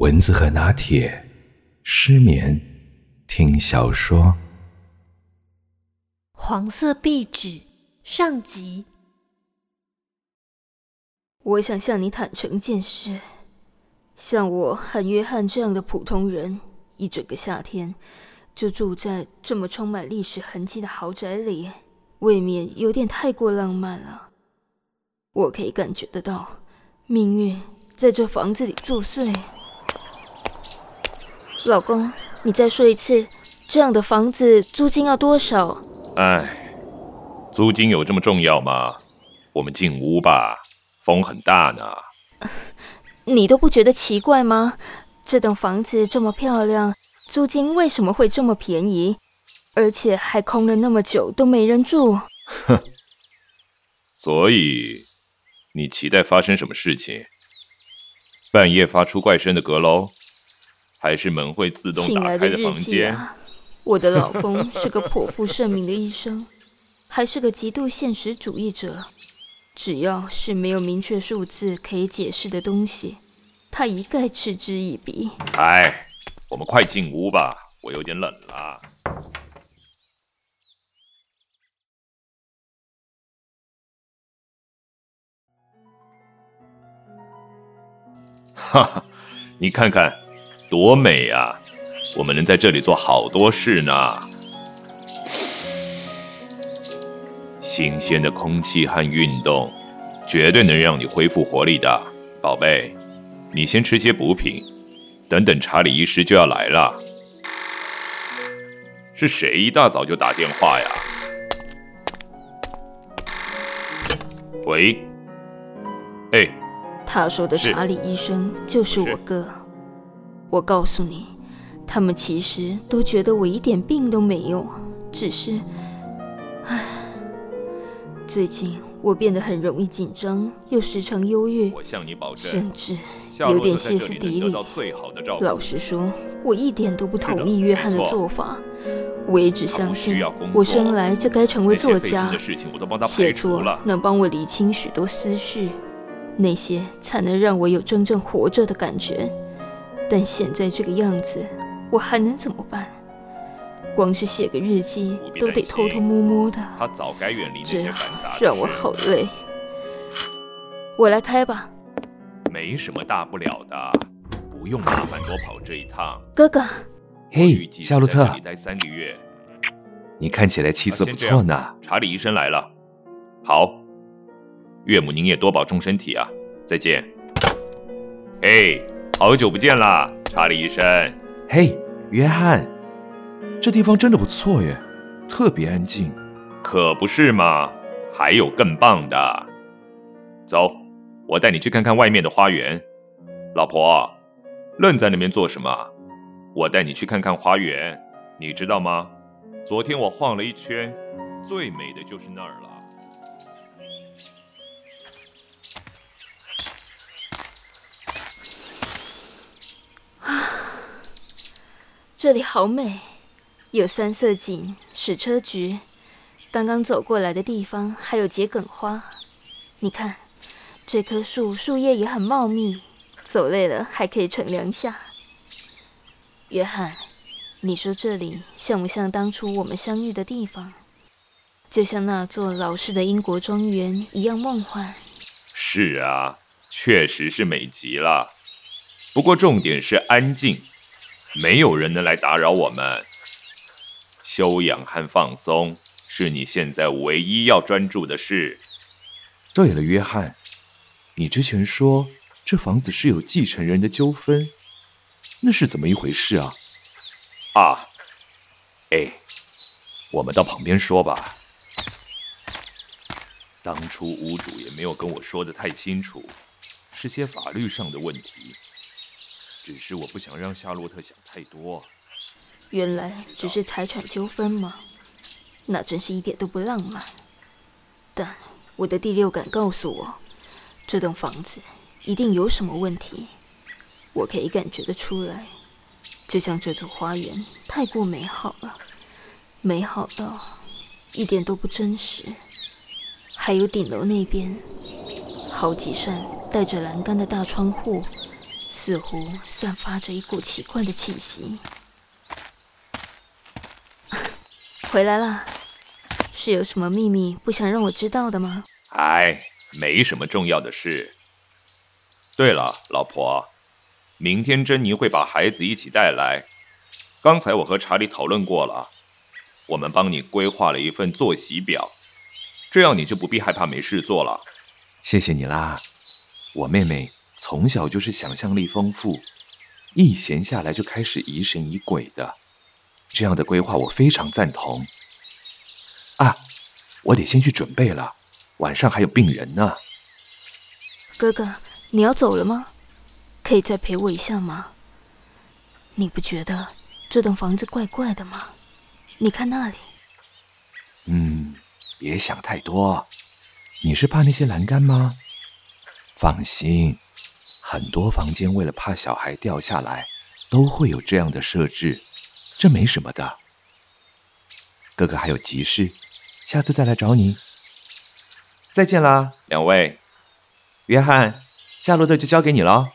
蚊子和拿鐵，失眠聽小說。黃色壁紙上集。我想向你坦誠一件事，像我和約翰這樣的普通人，一整個夏天就住在這麼充滿歷史痕跡的豪宅裡，未免有點太過浪漫了。我可以感覺得到，命運在這房子裡作祟。老公，你再說一次，這樣的房子租金要多少？唉，租金有這麼重要嗎？我們進屋吧，風很大呢。你都不覺得奇怪嗎？這棟房子這麼漂亮，租金為什麼會這麼便宜？而且還空了那麼久都沒人住。哼，所以你期待發生什麼事情？半夜發出怪聲的閣樓？還是門會自動打開的房間。親愛的日記啊，我的老公是個頗負盛名的醫生， 還是個極度現實主義者。只要是沒有明確數字可以解釋的東西，他一概嗤之以鼻。哎，我們快進屋吧，我有點冷了。哈哈，你看看。多美啊！我們能在這裡做好多事呢。新鮮的空氣和運動，絕對能讓你恢復活力的，寶貝。你先吃些補品，等等，查理醫師就要來了。是誰一大早就打電話呀？喂。哎、欸。他說的查理醫生就是我哥。我告訴你，他們其實都覺得我一點病都沒有，只是，唉，最近我變得很容易緊張，又時常憂鬱，我向你保證，甚至有點歇斯底里。老實說，我一點都不同意約翰的做法，我也只相信我生來就該成為作家了，寫作能幫我理清許多思緒，那些才能讓我有真正活着的感覺。但現在這個樣子，我還能怎麼辦？光是寫個日記都得偷偷摸摸的，他早該遠離這些繁雜事讓我好累。我來開吧，沒什麼大不了的，不用麻煩多跑這一趟。哥哥，嘿，hey, 夏洛特，你看起來氣色不錯呢。啊啊。查理醫生來了，好，岳母您也多保重身體啊。再見，嘿，hey. 好久不見了，查理醫生。嘿，約翰，這地方真的不錯耶，特別安靜。可不是嘛，還有更棒的。走，我帶你去看看外面的花園。老婆，愣在那邊做什麼？我帶你去看看花園。你知道嗎？昨天我晃了一圈，最美的就是那兒了。這裡好美，有三色堇、矢車菊，剛剛走過來的地方還有桔梗花。你看，這棵樹樹葉也很茂密，走累了還可以乘涼下。約翰，你說這裡像不像當初我們相遇的地方？就像那座老式的英國莊園一樣夢幻。是啊，確實是美極了。不過重點是安靜。沒有人能來打擾我們。休養和放鬆是你現在唯一要專注的事。對了，約翰，你之前說這房子是有繼承人的糾紛，那是怎麼一回事啊？啊，哎，我們到旁邊說吧。當初屋主也沒有跟我說得太清楚，是些法律上的問題。只是我不想讓夏洛特想太多啊。原來只是財產糾紛嗎？那真是一點都不浪漫。但我的第六感告訴我，這棟房子一定有什麼問題，我可以感覺得出來。就像這座花園太過美好了，美好到一點都不真實。還有頂樓那邊，好幾扇帶着欄杆的大窗戶。似乎散發着一股奇怪的氣息。回來了，是有什麼祕密不想讓我知道的嗎？哎，沒什麼重要的事。對了，老婆，明天珍妮會把孩子一起帶來。剛才我和查理討論過了，我們幫你規劃了一份作息表，這樣你就不必害怕沒事做了。謝謝你啦，我妹妹。從小就是想象力豐富，一閒下來就開始疑神疑鬼的。這樣的規劃我非常贊同。啊，我得先去準備了，晚上還有病人呢。哥哥，你要走了嗎？可以再陪我一下嗎？你不覺得這棟房子怪怪的嗎？你看那裡。嗯，別想太多。你是怕那些欄杆嗎？放心。很多房間為了怕小孩掉下來，都會有這樣的設置，這沒什麼的。哥哥還有急事，下次再來找你。再見啦，兩位。約翰，夏洛特就交給你了。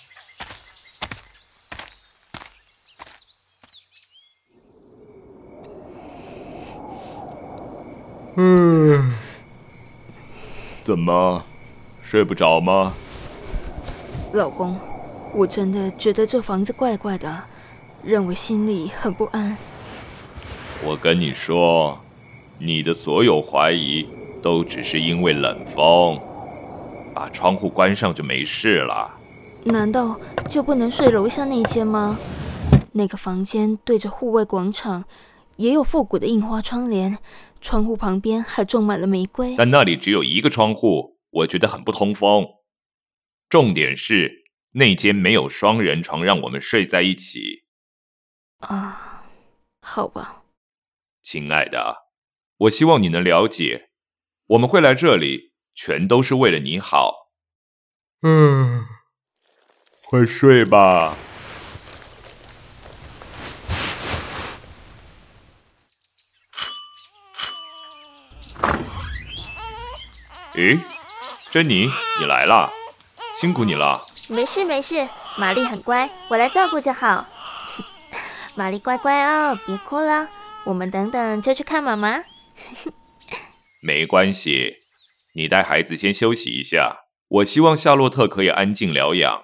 嗯，怎麼，睡不着嗎？老公，我真的覺得這房子怪怪的，讓我心裡很不安。我跟你說，你的所有懷疑都只是因為冷風，把窗戶關上就沒事了。難道就不能睡樓下那間嗎？那個房間對着戶外廣場，也有復古的印花窗簾，窗戶旁邊還種滿了玫瑰。但那裡只有一個窗戶，我覺得很不通風。重點是那間沒有雙人床，讓我們睡在一起。啊、uh，好吧，親愛的，我希望你能了解，我們會來這裡全都是為了你好。嗯，快睡吧。咦， 珍妮，你來啦？辛苦你了。沒事沒事，瑪麗很乖，我來照顧就好。瑪麗乖乖哦，別哭了，我們等等就去看媽媽。 沒關係，你帶孩子先休息一下，我希望夏洛特可以安靜療養。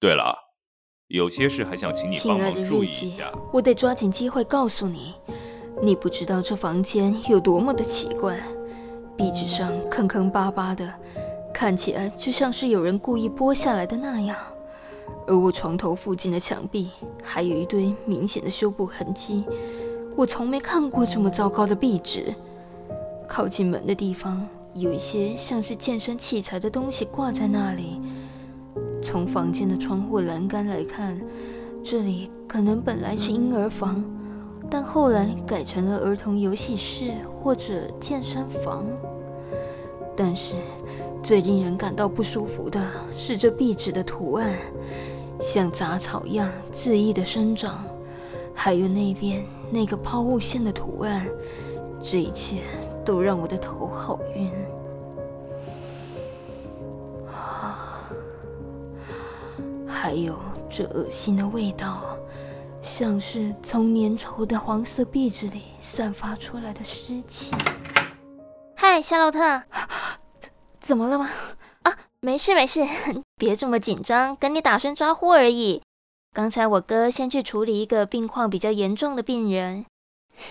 對了，有些事還想請你幫忙注意一下，我得抓緊機會告訴你。你不知道這房間有多麼的奇怪，壁紙上坑坑巴巴的。看起來就像是有人故意剝下來的那樣，而我床頭附近的牆壁還有一堆明顯的修補痕跡。我從沒看過這麼糟糕的壁紙。靠近門的地方有一些像是健身器材的東西掛在那裡。從房間的窗戶欄杆來看，這裡可能本來是嬰兒房，但後來改成了兒童遊戲室或者健身房。但是……最令人感到不舒服的是這壁紙的圖案，像雜草一樣恣意的生長，還有那邊那個拋物線的圖案，這一切都讓我的頭好暈。啊，還有這惡心的味道，像是從粘稠的黃色壁紙裡散發出來的濕氣。嗨，夏洛特。怎麼了嗎？啊，沒事沒事，別這麼緊張，跟你打聲招呼而已。剛才我哥先去處理一個病況比較嚴重的病人。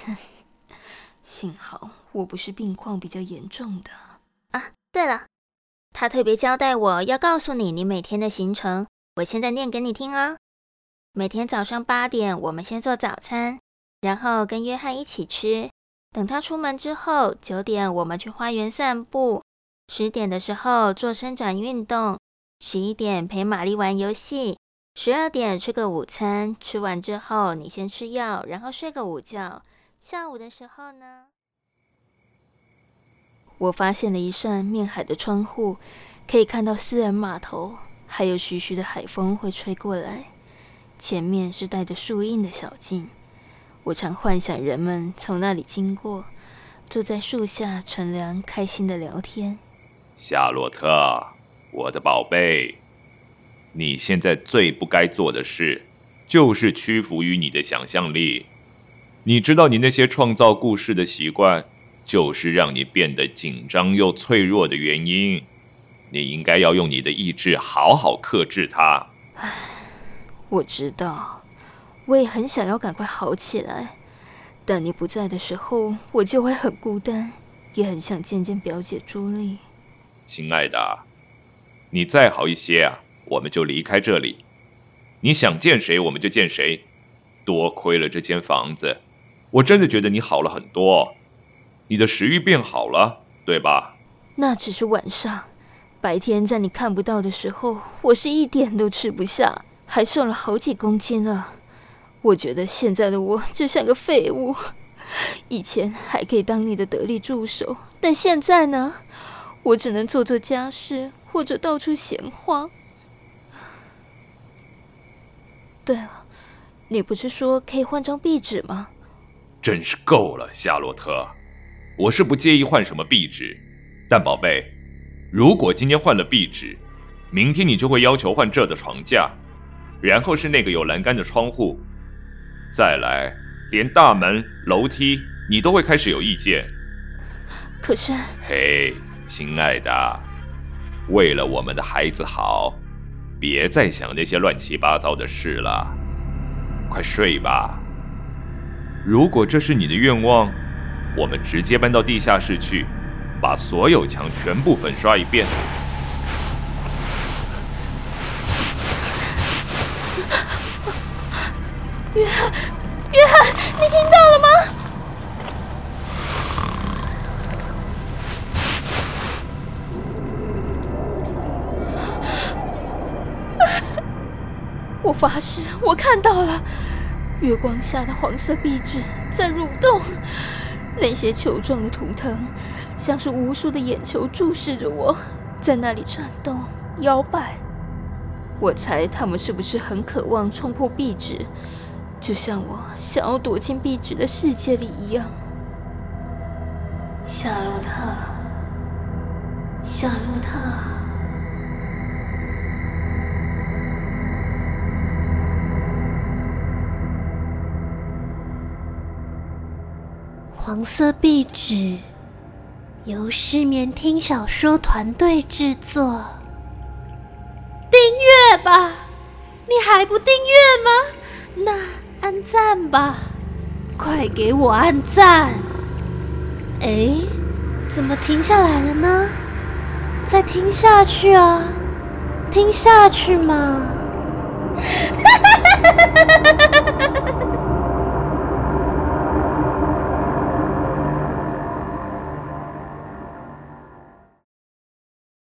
哼，幸好我不是病況比較嚴重的。啊，對了，他特別交代我要告訴你，你每天的行程，我現在念給你聽哦。每天早上八點，我們先做早餐，然後跟約翰一起吃。等他出門之後，九點我們去花園散步。十點的時候做伸展運動，十一點陪瑪麗玩遊戲，十二點吃個午餐。吃完之後，你先吃藥，然後睡個午覺。下午的時候呢，我發現了一扇面海的窗戶，可以看到私人碼頭，還有徐徐的海風會吹過來。前面是帶着樹蔭的小徑，我常幻想人們從那裡經過，坐在樹下乘涼，開心的聊天。夏洛特，我的寶貝，你現在最不該做的事，就是屈服於你的想象力。你知道，你那些創造故事的習慣，就是讓你變得緊張又脆弱的原因。你應該要用你的意志好好克制它。唉，我知道，我也很想要趕快好起來。但你不在的時候，我就會很孤單，也很想見見表姐朱莉。親愛的，你再好一些啊，我們就離開這裡。你想見誰，我們就見誰。多虧了這間房子，我真的覺得你好了很多。你的食欲變好了，對吧？那只是晚上，白天在你看不到的時候，我是一點都吃不下，還瘦了好幾公斤了。我覺得現在的我就像個廢物。以前還可以當你的得力助手，但現在呢？我只能做做家事，或者到處閒晃。對了，你不是說可以換張壁紙嗎？真是夠了，夏洛特。我是不介意換什麼壁紙，但寶貝，如果今天換了壁紙，明天你就會要求換這的床架，然後是那個有欄杆的窗戶，再來連大門、樓梯，你都會開始有意見。可是……嘿、hey。親愛的，為了我們的孩子好，別再想那些亂七八糟的事了，快睡吧。如果這是你的願望，我們直接搬到地下室去，把所有牆全部粉刷一遍。我發誓，我看到了月光下的黃色壁紙在蠕動，那些球狀的圖騰像是無數的眼球注視着我，在那裡轉動搖擺。我猜他們是不是很渴望衝破壁紙，就像我想要躲進壁紙的世界裡一樣？夏洛特，夏洛特。黃色壁紙，由失眠聽小說團隊制作。訂閱吧，你還不訂閱嗎？那按讚吧，快給我按讚！哎、欸，怎麼停下來了呢？再聽下去啊，聽下去嘛！哈哈哈哈哈！哈哈哈哈哈！